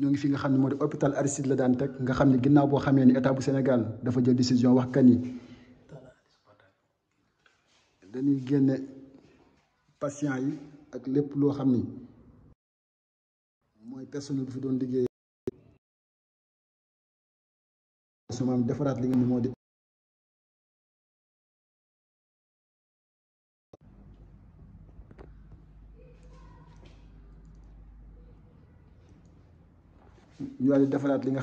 ñoo ngi fi nga xam ne moo di hôpital Aristide la daan teg nga xam ne ginnaaw boo xamee ni état bu senegal dafa jël décision wax kan yi dañuy génne patient yi ak lépp loo xam ni mooy personnel bi fi doon liggéey su defaraat li nga moo di ñu daal a li nga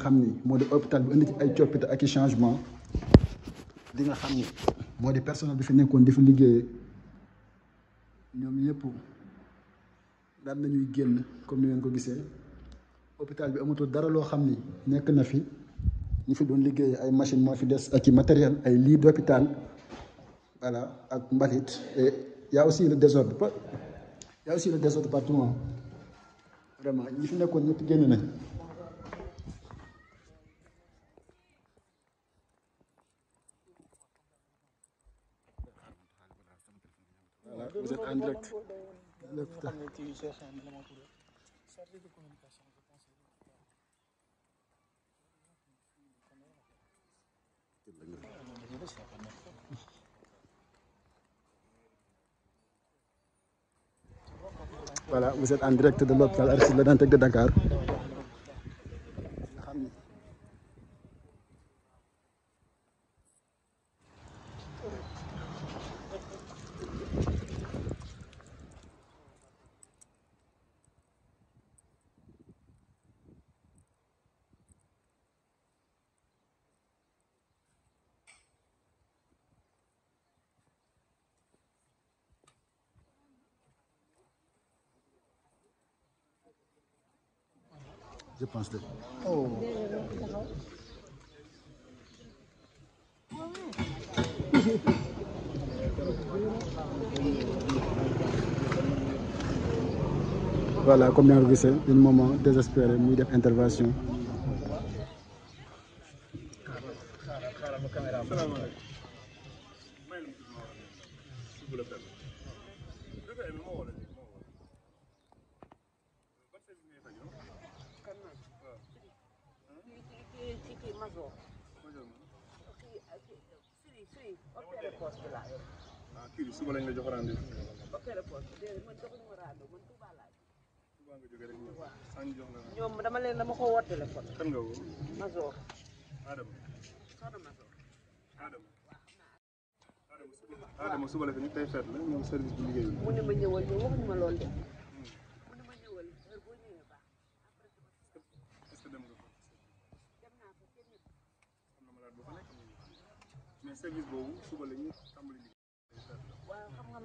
hôpital bi indi ci ay changement li nga avons ni personnel bi fi Nous avons comme ni ngeen ko avons hôpital bi dara avons nekk na fi ñu fi Nous ay machine des ak voilà ak mbalit et y a aussi le désordre Il y a aussi le désordre partout hein. vraiment ñi fi avons ñëpp Voilà, vous êtes en direct de l'hôpital c'est Le de Dakar. je pense. De... voilà comme c'est vous moment désespéré, une maman désespérée ah kii suba lañ la jox rendez-vous. ñoom dama leen dama ko woo téléphone. kan nga woo. Mazor. Adama. Adama. Adama suba la tey feet la ñoom service bi liggéey mu ne ma ñëwal ñu waxuñu ma loolu de. mu ne ma ñëwal na malade boo boobu suba la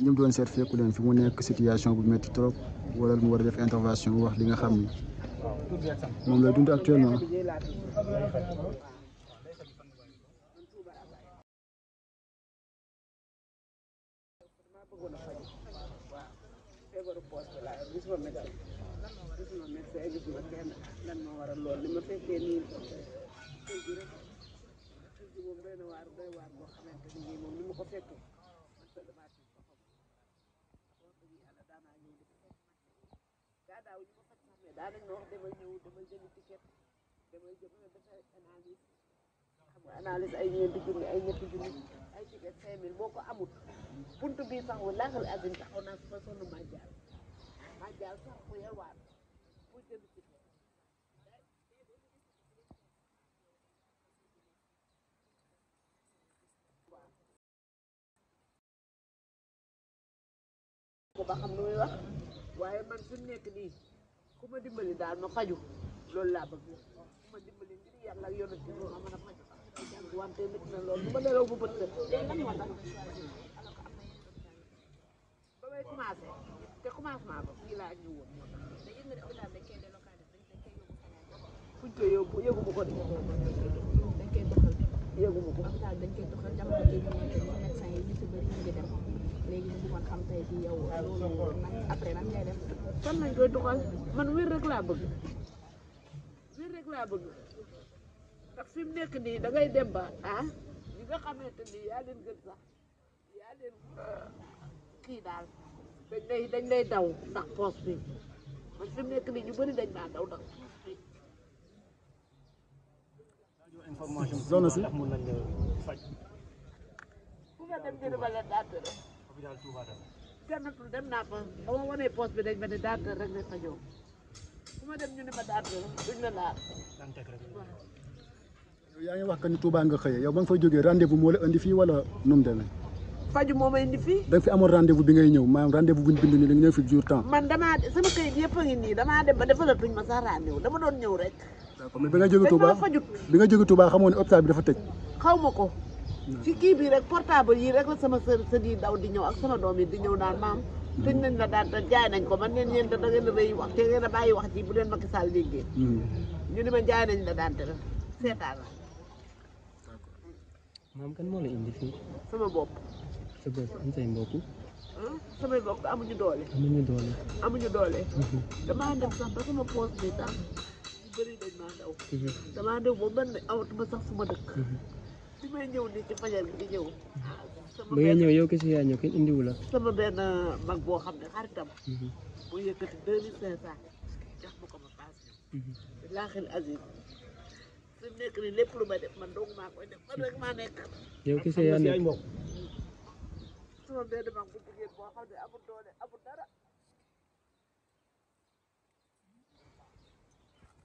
ñoom doon seet fekku leen fi mu nekk situation bu métti trop wala mu war a def intervention wax li nga xam ni moom lay dund actuellement. daa nañ ma wax damay ñëw damay jënd ticket damay jëm xam nga boo ko amul bunt bii sax wa laaxal ma ba xam lu muy wax waaye man fi nekk nii ku ma dimbali daal ma faju loolu laa bëgg ku ma dimbali ngir yàlla ak yonent bi ma mën a faju wante nit na loolu ma nelaw bu bët ba may commencé te commencement ba fii laa ñëwoon fuñ ko yóbbu yóbbu ma ko de yóbbu ma ko léegi ñu bëggoon xam tey ci yow loolu après nan ngay def. fan lañ koy doxal man wér rek laa bëgg ndax fi mu nekk nii da ngay dem ba ah ñi nga xamante ni yaa kii daal dañ lay dañ lay daw ndax poos bi man fi nekk nii ñu bëri dañ maa daw ndax poos bi. information zone si mun nañ Of je daar naartoe post ben ik met de data, dan ben ik van jou. Hoe maar dem nu met de data, doe je laat. Dan vous indi fii wala nu mu demee indi fi amoon rendez-vous bi ngay ñëw maanaam rendez-vous buñ bind ni da nga ñëw fi jour temps man damaa sama kayit yëpp a ngi nii damaa dem ba defalatuñ ma sax rendez-vous dama doon ci kii bii rek portable yii rek la sama sër sër yi daw di ñëw ak sama doom yi di ñëw naan maam tëj nañ la daan jaay nañ ko man leen yéen da ngeen a rëy wax te ngeen a bàyyi wax ji bu leen Macky Sall déggee hmm. ñu ni ma jaay la daan te rek seetaan la moo la indi fii sama bopp sa bopp am say mbokk hmm? amuñu doole amuñu doole amuñu doole hmm. damaa dem sax ba sama poos bi sax bëri dañ maa daw damaa daw ba man awatuma sax suma dëkk bi may ñëw nii ci fajar gi di ñëw. ba ngay ñëw yow kese yaa ñëw kenn indiwu sama benn mag boo xam ne xaritam. Mhm. mu yëkkati deux mille cinq cent jox ma ko ma paas ñëw. Mhm. laaxil Aziz fi nekk nii lépp lu ma def man dong maa koy def man rek maa nekk. yow kese yaa nekk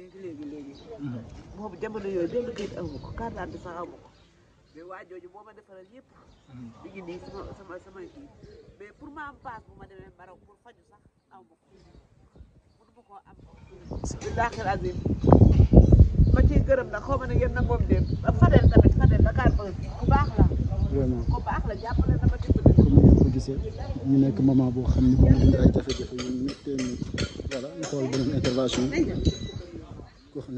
léegi léegi léegi boobu jamono yooyu benn kayit amu ko carte d'identité sax amu ko mais waa jooju moo ma defaree yëpp mi hmm. sama sama mais pour ma am paas bu ma demee Maroc pour faju sax aw ma ko mënuma koo ma ciy gërëm nag xaw ma ne yéen na moom dem Fadel tamit Fadel Dakar ba ku baax la vraiment ku baax la jàppale na ma gisee ñu nekk moment boo xam ne moom dund ay jafe-jafe yu méttee voilà ñu xool beneen intervention koo qui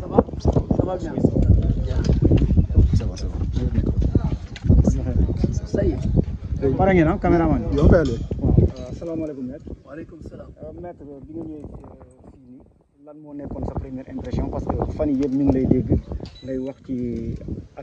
ça va ça va bien ça va ça va ça y est Ça va. caméraman Ça va Ça va. Ça maître va. Euh, euh, euh, sa première impression parce que Ça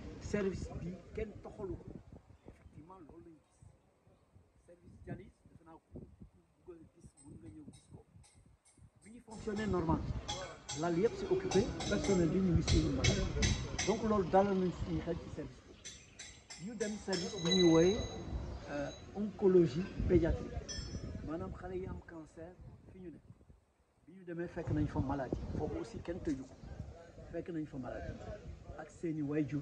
service bi kenn toxalu ko effectivement loolu lañu gis service dialyse defe naa ko gis mën nga ñëw gis ko bi fonctionner normal lal yëpp si occupé personnel bi ñu ngi suivre mbaa donc loolu dalal nañ suñu xel ci service bi ñu dem service bu ñuy wooye euh, oncologie pédiatrique manam xalé yi am cancer fi ñu ne bi ñu demee fekk nañ fa maladie foofu aussi kenn tëju fekk nañ fa maladie ak seeni wayju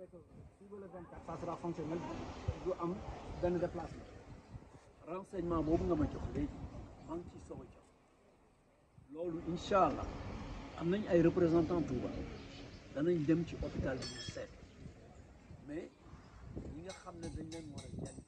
après que fii ba le 24 ça sera du am benn déplacement renseignement boobu nga ma jox léegi maa ngi ciy soog jox loolu incha allah am nañ ay représentants Touba danañ dem ci hôpital bi mu mais ñi nga xam ne dañ leen war a jàng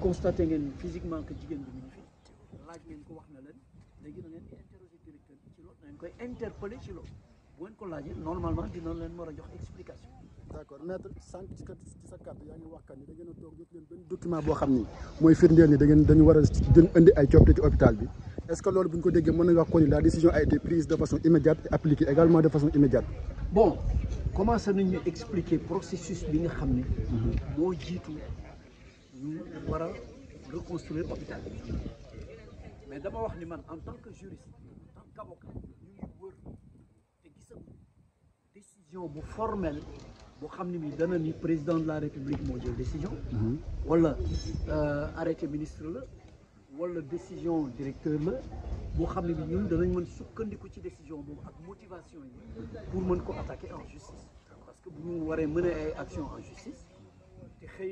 constaté ngeen physiquement que Jigen bi mu ngi fi laaj ngeen ko wax na leen léegi na ngeen interroger directeur bi ci loolu na koy interpeller ci loolu bu ngeen ko laajee normalement dina leen war a jox explication. D'accord, maître sànq ci ci sa kàddu yaa ngi wax kat ni da ngeen a toog jot leen benn document boo xam ni mooy firndeel ni da ngeen dañu war a ay coppite ci hôpital bi est ce que loolu bu ñu ko déggee mën nañu wax ko ni la décision a été prise de façon immédiate et appliquée également de façon immédiate. bon comment commencé nañu expliquer processus bi nga xam ne. Mhm. moo pour reconstruire l'hôpital. mais d'abord en tant que juriste en tant qu'avocat nous ngi une décision formelle pour savez le président de la république moo décision mhm. wala euh, arrêté ministre la décision directeur vous savez décision motivation pour attaquer en justice parce que nous ñu mener action en justice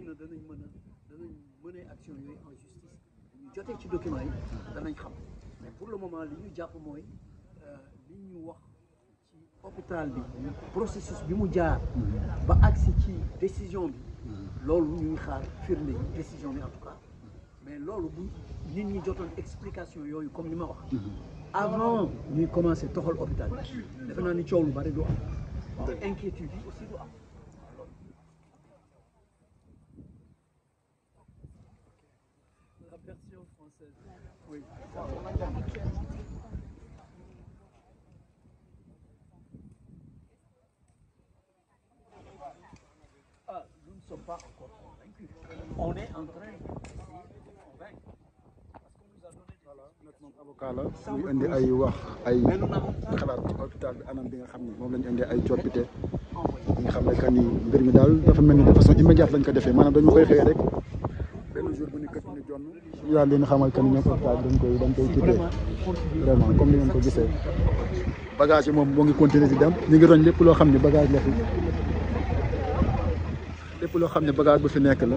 nous danañ mën a action yooyu en justice ñu jotee ci document yi danañ xam mais pour le moment li ñu jàpp mooy euh, li ñu wax ci hôpital bi processus bi mu jaar ba agsi ci décision bi loolu ñuy xaar firnde décision bi en tout cas mais loolu bu nit ñi jotoon explication yooyu comme ni ma wax avant ñuy commencer toxal hôpital bi defe naa ni coow lu bari du am inquiétude aussi du on est en train avocat la muy indi ay wax ay xalaat hôpital bi anam bi nga xam ne moom la ñu indi ay coppite yi oh, nga xam ne que ni mbir mi daal dafa mel ni de façon immédiate lañ ko defee maanaam dañu koy xëy rek benn jour bu ni kët ni jonn ñu daal leen xamal que ni ñoom hôpital bi dañ koy dañ koy quitté vraiment comme ni ngeen ko gisee bagage yi moom moo ngi continuer di dem ñu ngi roñ lépp loo xam ne bagage la fi loo xam ne bagage bu fi nekk la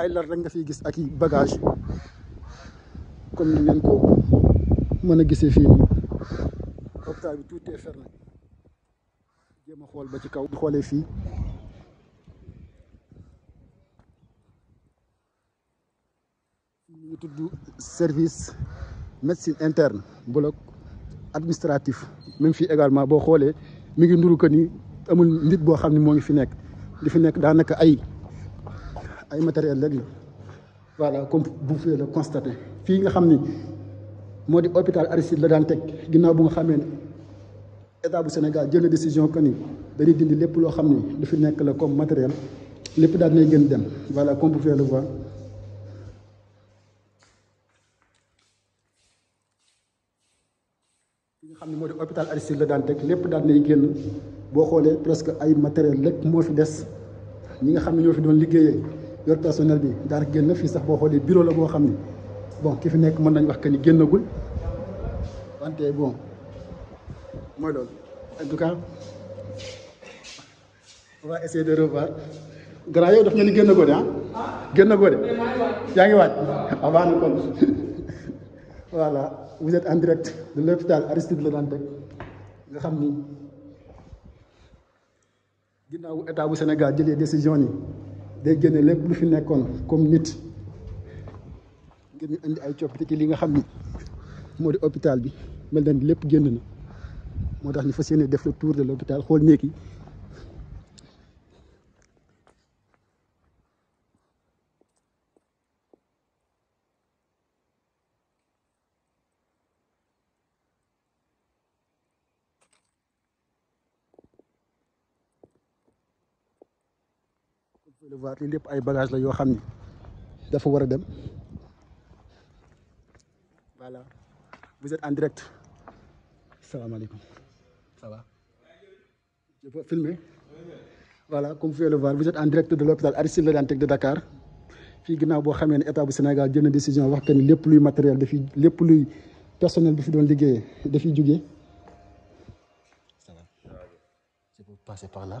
ay lar rek nga fiy gis ak i bagage comme ni ngeen ko mën a gisee fii nii hôpital bi tout est fermé jéem a xool ba ci kaw xoolee fii ñu tudd service médecine interne bloc administratif même fii également boo xoolee mu ngi nduru ko ni amul nit boo xam ne moo ngi fi nekk li fi nekk daanaka ay ay matériel rek la voilà comme vous pouvez le constater fi nga xam ni moo di hôpital Aristide la daan teg ginnaaw bu nga xamee état bu Sénégal jël na décision que ni dañuy dindi lépp loo xam ni fi nekk la comme matériel lépp daal nay gën dem voilà comme vous pouvez le voir nga xam ne moo di hôpital Aristide la daan teg lépp daal nay génn boo xoolee presque ay matériel rek moo fi des ñi nga xam ne ñoo fi doon liggéeyee yor personnel bi daanaka génn na fii sax boo xoolee bureau la boo xam ni bon ki fi nekk mën nañ wax que ni génnagul wante bon mooy loolu en tout cas on va essayer de revoir grand yow daf nga ni génnagoo de ah. génnagoo de yaa ngi waaj waaw baax na kon voilà vous êtes en direct de l'hôpital Aristide Le Dantec nga xam ni ginnaawu état bu Sénégal jëlee décision yi. day génne lépp lu fi nekkoon comme nit ngir ñu indi ay coppite ci li nga xam ni moo di hôpital bi mel na ni lépp génn na moo tax ñu fas yéene def le tour de l'hôpital xool néeg recevoir li ay bagage la yo xamni dafa wara dem voilà vous êtes en direct salaamaaleykum ça va je peux filmer voilà comme vous pouvez le voir vous êtes en direct de l'hôpital Aristide Le Dantec de Dakar fi ginaaw bo xamee état du Sénégal jëna décision wax que lepp luy matériel dafiy lepp luy personnel bi fi doon liggéeyee dafiy jugee ça va je peux passer par là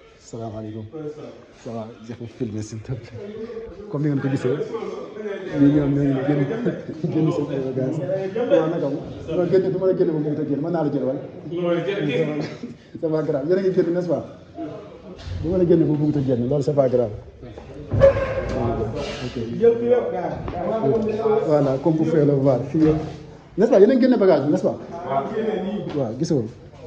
salaamaaleykum. ça va jafe filmé s'il te plaît comme ni ngeen ko gisee ñun ñoom ñoo ngi génn génn seen ay bagages waaw naka ma ma génn du ma la génn ba mu gën a génn mën naa la jël wala. c'est pas grave yéen a ngi génn n'est-ce pas du ma la génn ba mu gën a génn loolu c'est pas grave. voilà comme vous pouvez le voir fii n'est-ce pas yéen a ngi génne bagage bi n'est-ce pas. waaw gisoo.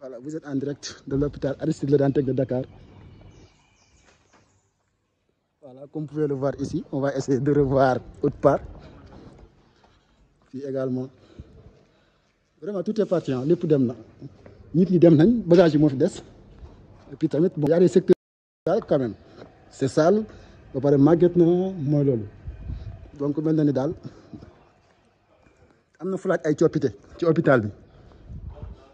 Voilà, vous êtes en direct de l'hôpital Aristide Le Dantec de Dakar. Voilà, comme vous pouvez le voir ici, on va essayer de revoir autre part. Puis également. Vraiment, tout est parti, hein. les poudres. Nous les bagages Et puis, il y a des secteurs quand même. C'est sale, on va parler de Donc, maintenant, il y a des flaques qui l'hôpital, hôpital.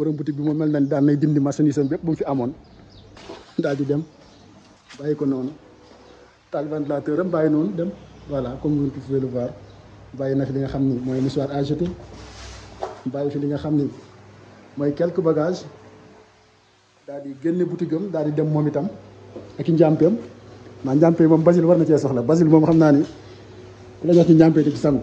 borom boutique bi moom mel na ni daan nay dindi marchandise am bépp bu mu fi amoon daal di dem bàyyi ko noonu taal ventilateur am bàyyi noonu dem voilà comme vous pouvez le na fi li nga xam ni mooy mouchoir à jeter bàyyi fi li nga xam ni mooy quelques bagages daal di génne boutique am daal di dem moom itam ak i njàmpeem maa njàmpe moom Basile war na cee soxla Basile moom xam naa ni ku la jox ci njàmpe ci sangu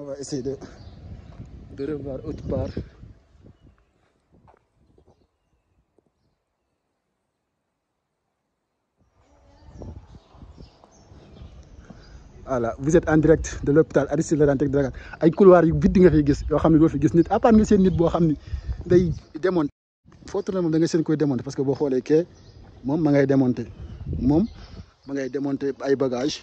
on va essayer de, revoir autre part. voilà vous êtes en direct de l'hôpital Aristide Le Dantec de Dakar ay couloir yu vide nga ne fi gis nit à part nga seen nit se xamni day démonter. da démonter parce que vous xolé que je ma ngay démonter Mom ma démonter ay bagages.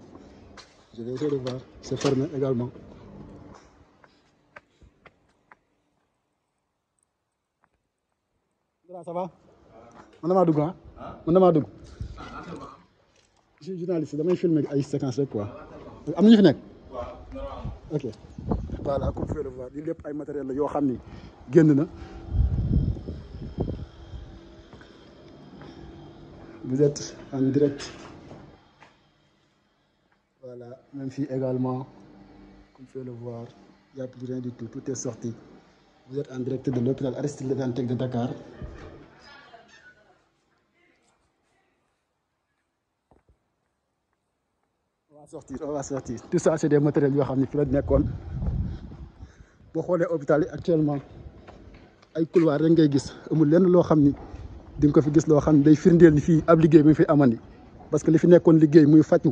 Je vais essayer de voir. C'est fermé également. Ça va ah? Je suis journaliste vais filmer ay séquences quoi ok voilà comme vous le voir y a matériel vous êtes en direct ici également, comme vous pouvez le voir, il n'y a plus rien du tout, tout est sorti. Vous êtes en direct de l'hôpital Aristide Dantec de Dakar. On va sortir, on va sortir. Tout ça, c'est des matériels qui sont nekkoon boo xoolee hôpital actuellement ay couloir rek ngay gis amul lenn loo xam ni di nga ko fi gis loo xam ne day firndeel ni fii ab liggéey fi amandi parce que li fi nekkoon liggéey muy faju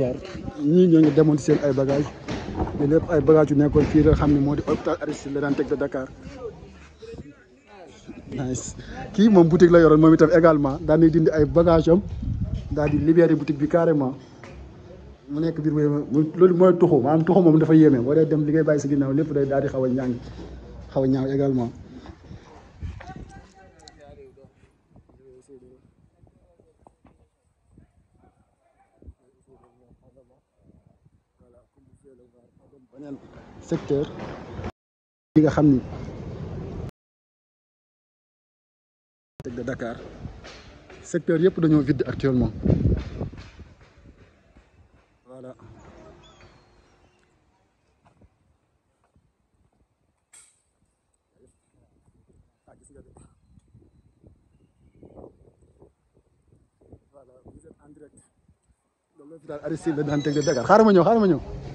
recevoir ñii ñoo ngi demoon seen ay bagages te lépp ay bagages yu nekkoon fii la xam ne moo di hôpital Aristide la daan teg de Dakar. kii moom boutique la yoroon moom itam également daan di dindi ay bagages am di libéré boutique bi carrément mu nekk biir mooy loolu mooy tuxu maanaam tuxu moom dafa yéeme boo dee dem li ngay bàyyi si ginnaaw lépp day daal di xaw a ñàng xaw a ñaaw également. beneen secteur bi nga xam ni teg de Dakar secteur yëpp dañoo vide actuellement voilà voilà vous êtes en direct de l'hôpital Aristide Le Dantec de Dakar xaaral ma ñëw xaaral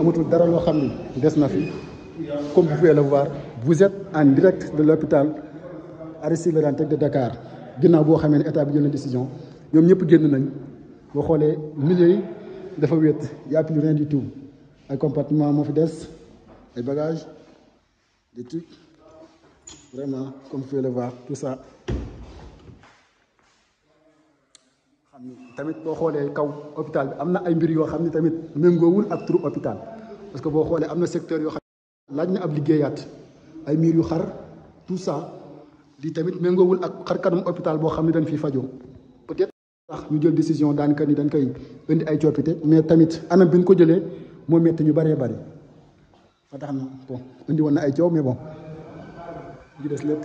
Amoutou dara Lo xamni dess na fi comme vous pouvez le voir vous êtes en direct de l'hôpital Aristide Le de Dakar ginnaaw bo xamné état bi jël décision ñom ñëpp genn nañ boo xoolee milieu yi dafa wét n'y a plus rien du tout ay compartiment mo fi dess ay bagages des trucs vraiment comme vous pouvez le voir tout ça tamit boo xoolee kaw hôpital bi am na ay mbir yoo xam ne tamit méngoowul ak turu hôpital parce que boo xoolee am na secteur yoo xam ne laaj na ab liggéeyaat ay miir yu xar tout di tamit méngoowul ak xar kanam hôpital boo xam ne dañ fiy fajoo peut-être sax ñu jël décision daan ka ni dañ koy indi ay coppite mais tamit anam bi ñu ko jëlee moo metti ñu bëree bëri fa tax na bon indi woon na ay coow mais bon ñu des lépp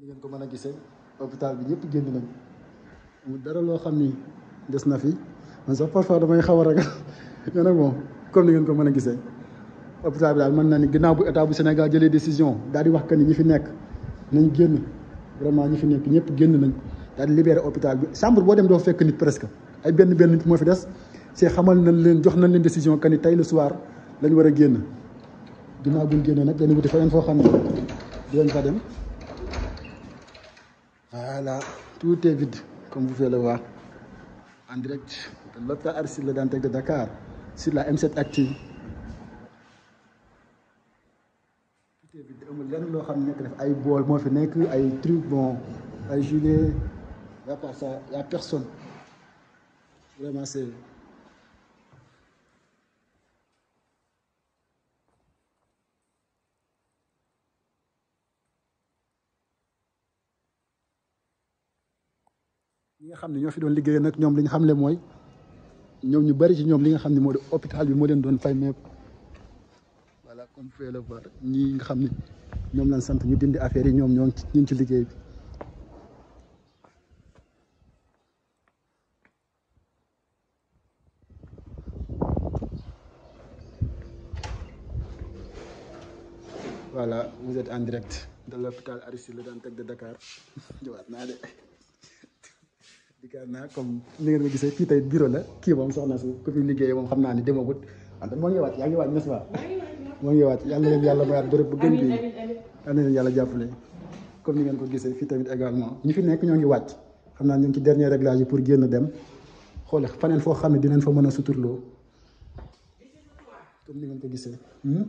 ni ngeen ko mën a gisee hôpital bi ñëpp génn nañ mu dara loo xam ni des na fi man sax parfois damay xaw a ragal mais nag bon comme ni ngeen ko mën a gisee hôpital bi daal mën na ni ginnaaw bu état bu Sénégal jëlee décision daal di wax que ni ñi fi nekk nañ génn vraiment ñi fi nekk ñëpp génn nañ daal di libéré hôpital bi chambre boo dem doo fekk nit presque ay benn benn nit moo fi des see xamal na leen jox nañ leen décision que ni tey le soir lañ war a génn ginnaaw buñ génnee nag dañu wuti feneen foo xam ne di leen fa dem. Voilà, tout est vide, comme vous pouvez le voir. En direct de l'hôpital le Dantec de Dakar, sur la M7 Active. Tout est vide. il y a des ne nekk def ay ay truc bon à gilet y a pas y a personne vraiment c'est nga xam ne ñoo fi doon liggéey nag ñoom li ñu xamle mooy ñoom ñu bari ci ñoom li nga xam ne moo di hôpital bi moo leen doon fay mais voilà comme ñii xam ne ñoom lañ sant ñu dindi affaire yi ñoom ñoo ñu ngi ci liggéey bi. voilà vous êtes en direct de l'hôpital Aristide Le Dantec de Dakar ñëwaat naa de. dikkaat naa comme ni ngeen ko gisee fii tey bureau la kii moom soxna si ku fi liggéeyee moom xam naa ne demagut wante moo ngi waat yaa ngi waat nest moo ngi waat yàlla leen yàlla mayaat bërëb bu gën bi yal leen yàlla jàppale comme ni ngeen ko gisee fii tamit également ñi fi nekk ñoo ngi wàcc xam naa ñu ngi ci dernier réglage yi pour génn dem xool faneen foo xam ne dinañ fa mën a suturloo comme ni ngeen ko gisee hmm?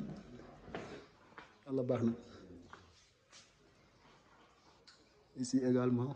yàlla baax na ici également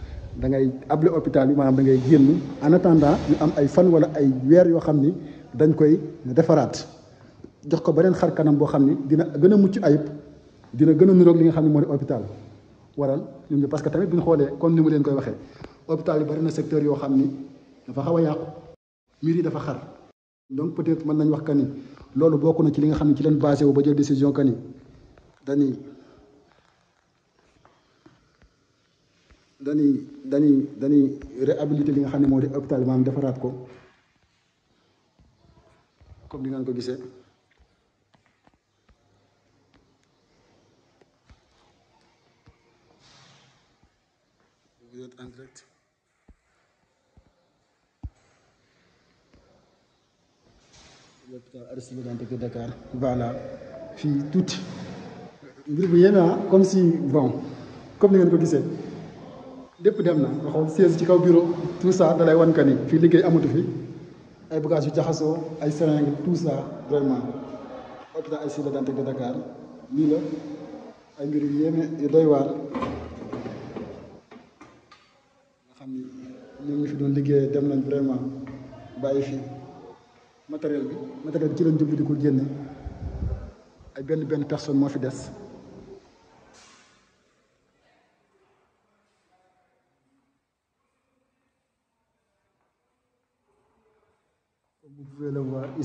da ngay able hôpital yi maanaam da ngay génn en attendant ñu am ay fan wala ay weer yoo xam ni dañ koy defaraat jox ko beneen xar kanam boo xam ni dina gën a mucc ayib dina gën a niroog li nga xam ne moo di hôpital waral ñu ngi que tamit bu ñu xoolee kon ni mu leen koy waxee hôpital yi bari na secteur yoo xam ni dafa xaw a yàqu mbir yi dafa xar donc peut-être mën nañ wax que ni loolu bokk na ci li nga xam ne ci leen basé wu ba jël décision que ni dañuy Dani, dañuy réhabiliter li nga xam ne hôpital comme ni ko vous êtes en direct l'hôpital Aristide de Dakar voilà tout. tout. Vous voyez, comme si bon comme vous l'avez lépp dem na nga xool siège ci kaw bureau tout ça dalay wan que ni fii liggéey amatu fi ay bagages yu jaxasoo ay seringues tout ça vraiment hôpital sida dante de Dakar nii la ay mbir yu yéeme yu doy waar nga xam ni ñoom ñu fi doon liggéey dem nañ vraiment bàyyi fi matériel bi matériel bi ci lañ jublu di ko génne ay benn benn personne moo fi des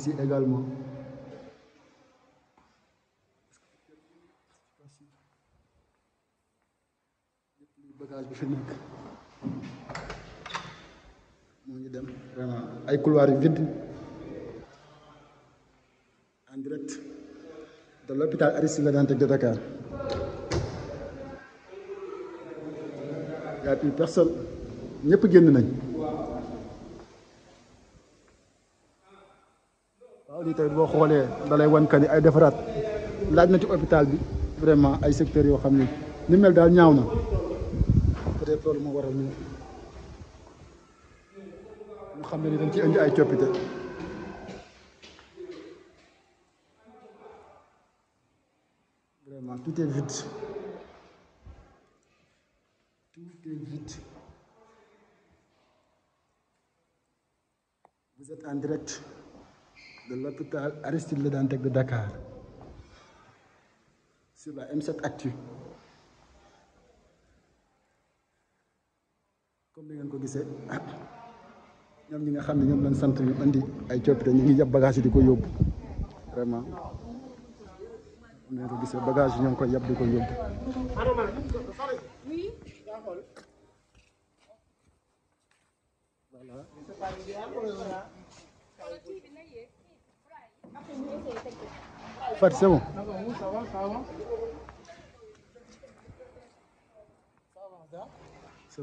ici également. moo ngi dem couloir vide en direct de l'hôpital Aristide Le de Dakar Il n'y a plus personne Il n'y a ñëpp de nañ lii tamit boo xoolee da lay wan ay defaraat laaj na ci hôpital bi vraiment ay secteurs yoo xam ne ni mel daal ñaaw na peut-être moo waral ñu xam ne ni dañ ci indi ay coppite vraiment tout est vide tout est vide en direct de l'hôpital Aristide Le Dantec de Dakar sur la M7 Actu. comme ni ngeen ko gisee ñoom ñi nga xam ne lañ sant ñu andi ay coppite ñu ngi yab bagage yi di ko yóbbu vraiment ni ngeen ko gisee bagage yi koy yab di ko voilà. Fat, c'est bon. Ça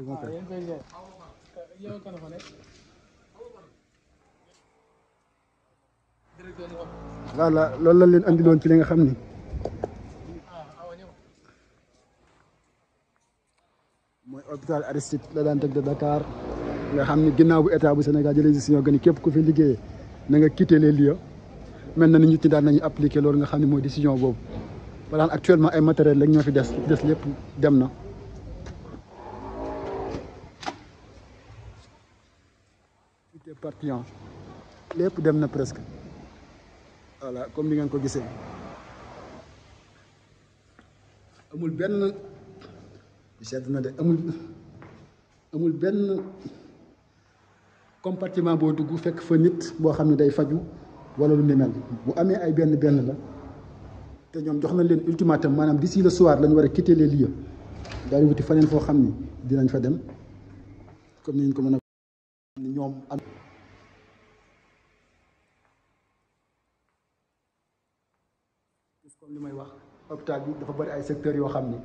va, loolu la leen andiloon ci li nga xam ni mooy hôpital Aristide la daan teg de Dakar nga xam ni ginnaaw bu état bu Sénégal jëlee décision gën képp ku fi liggéeyee na nga quitter les lieux maintenant na ni nit daan nañu appliquer lors nga xam mooy décision boobu maanaam actuellement ay matériel lañ ñoo fi des des lépp dem na. partian hein. lépp pour demain presque voilà comme ni ngeen ko gisee amul ben sedd na de amul amul ben compartiment boo dugg fekk fa nit boo xam ne day faju wala lu ni mel bu amee ay benn benn la te ñoom jox nañ leen ultimatum maanaam di d'ici le soir lañ war a quitter les lieux daal di wuti faneen foo xam ni dinañ fa dem comme ni ko mën a ñoom am comme li may wax hôpital bi dafa bari ay secteur yoo xam ne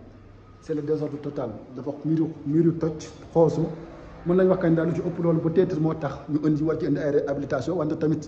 c'est le désordre total dafa miiru miiru toj xoosu mën nañ wax kañ daal lu ci ëpp loolu peut-être moo tax ñu indi war ci indi ay réhabilitation wante tamit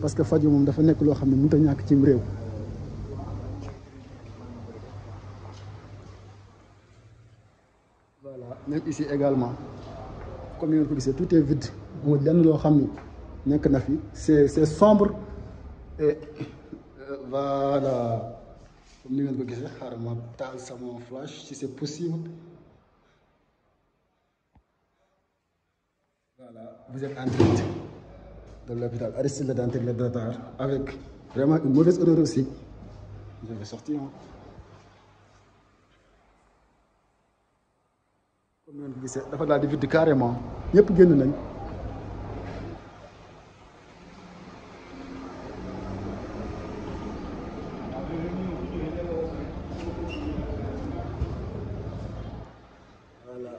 parce que fadi mom dafa nek lo xamné ne ta a ñàkk rew voilà même ici également comme vous le gisee tout est vide Vous lenn lo xamné ne na fi c'est c'est sombre et euh, voilà comme vous ngeen ko gisee xaaral ma taal mon flash si c'est possible voilà vous êtes en direct de l'hôpital Aristide Le Dantec de Dakar avec vraiment une mauvaise odeur aussi. Je vais sortir. Hein. comme ni ma leen gisee dafa di vide carrément ñëpp génn nañ. voilà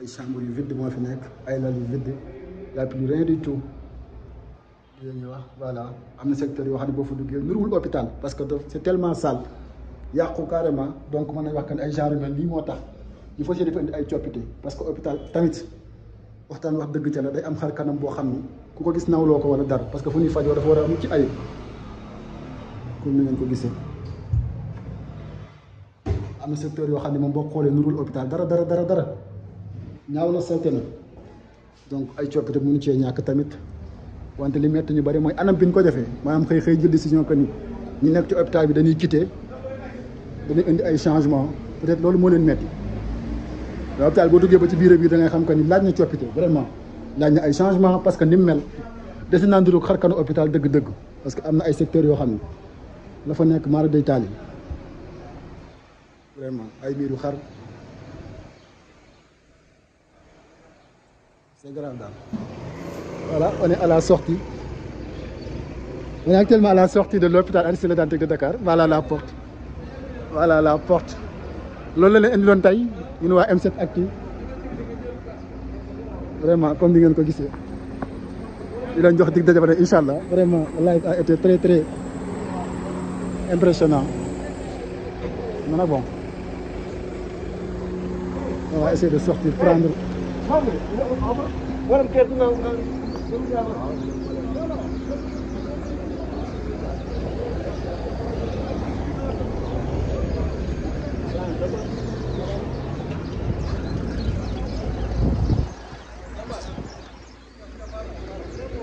ay chambre yu vide moo fi nekk ay lal yu y a plus rien du tout. ñu wax voilà am na secteur yoo xam ne boo fa duggee nuruwul hôpital parce que c' est tellement sale yàqu carrément donc mën nañ wax que ay genre mel lii moo il faut que ay coppite parce que hôpital tamit waxtaan wax dëgg ca la day am xar kanam boo xam ni ku ko gis nawloo ko wala dara parce que fu ñuy fajoo dafa war am ci ayib comme ni ngeen ko gisee. am secteur yoo xam ne moom nurul hôpital dara dara dara dara ñaaw na salte na donc ay coppite mënu cee ñàkk tamit. wante li metti ñu bari moy anam biñ ñu ko defee maanaam xey xey jël décision que ni ñi nek ci hôpital bi dañuy quitter dañuy indi ay changement peut-être lolu mo leen metti mais hôpital boo duggee ba ci biir bi da ngay xam que ni laaj na coppite vraiment laaj na ay changement parce que ni mel desi naa ndurug xar hôpital deug deug parce que amna ay secteur yo xam ne la fa nek mara day tali vraiment ay miiru xar c'est grave daal voilà, on est à la sortie. On est actuellement à la sortie de l'hôpital Aristide Dantec de Dakar. Voilà la porte. Voilà la porte. L'on le en indiloon il a M7 actif. vraiment comme vous il a Il di a jox dig vraiment là a été très très impressionnant bon on va essayer de sortir prendre. Sonuca bakıyoruz.